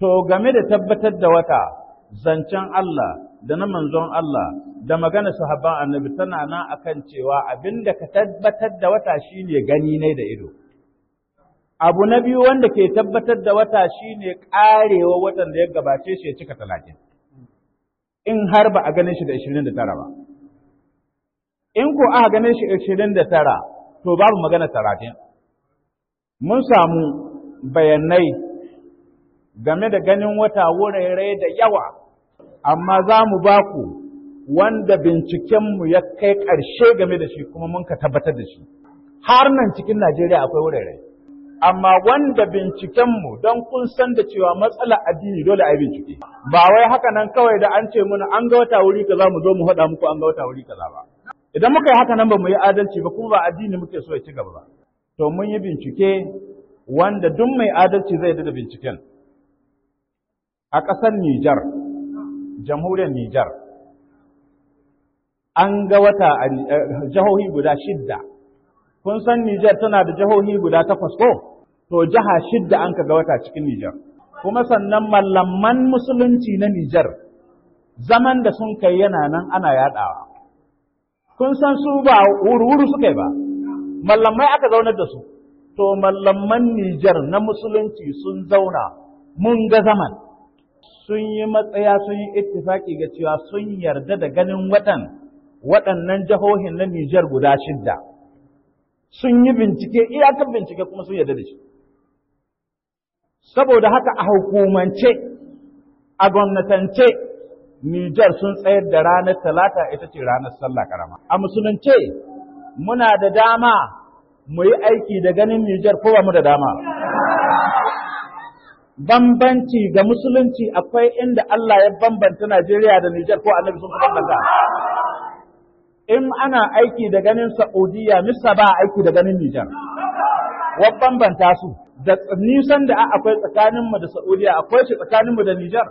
To game da tabbatar da wata, zancen Allah da na manzon Allah da magana sahabban annabi tana nan kan cewa abinda ka tabbatar da wata shi ne gani ne da ido. Abu na biyu wanda ke tabbatar da wata ne ƙarewa watan da ya gabace shi ya cika talatin. In har ba a ganin shi da ishirin da tara ba. In ko aka ganin shi ishirin da tara, to babu magana talatin. Mun samu bayanai game da ganin wata wurare da yawa, amma za mu ba ku wanda bincikenmu ya kai ƙarshe game da shi kuma mun ka tabbatar da shi. Har nan cikin Najeriya akwai wurare, amma wanda bincikenmu don kun san da cewa matsala addini dole a yi bincike. Ba wai haka nan kawai da an ce muna an ga wata wuri kaza mu zo mu faɗa muku an ga wata wuri kaza ba. Idan muka yi haka nan ba mu yi adalci ba kuma ba addini muke so ya ci gaba ba. To mun yi bincike wanda duk mai adalci zai da binciken. a ƙasar Nijar, jamhuriyar Nijar, an ga wata eh, jihohi guda shidda. Kun san Nijar tana da jihohi guda takwas ko? To jiha shidda an ka ga wata cikin Nijar. Kuma sannan mallaman musulunci na Nijar, zaman da sun kai yana nan ana yaɗawa. Kun san su ba wuri-wuri suka yi ba, mallamai aka zaunar da su. To mallaman Nijar na musulunci sun zauna mun ga zaman. sun yi matsaya sun yi ittifaki ga cewa sun yarda da ganin watan waɗannan jihohin na Nijar guda shidda sun yi bincike iyakar bincike kuma sun yarda da shi saboda haka a hukumance a gwamnatance Nijar sun tsayar da ranar talata ita ce ranar sallah karama a musulunce muna da dama mu yi aiki da ganin Nijar kowa ba mu da dama bambanci ga musulunci akwai inda Allah ya bambanta Najeriya da Nijar ko annabi sun bambanta. In ana aiki da ganin Sa'udiyya, Misa ba aiki da ganin Nijar. Wa bambanta su, da nisan da akwai tsakaninmu da Saudiya, akwai shi tsakaninmu da Nijar.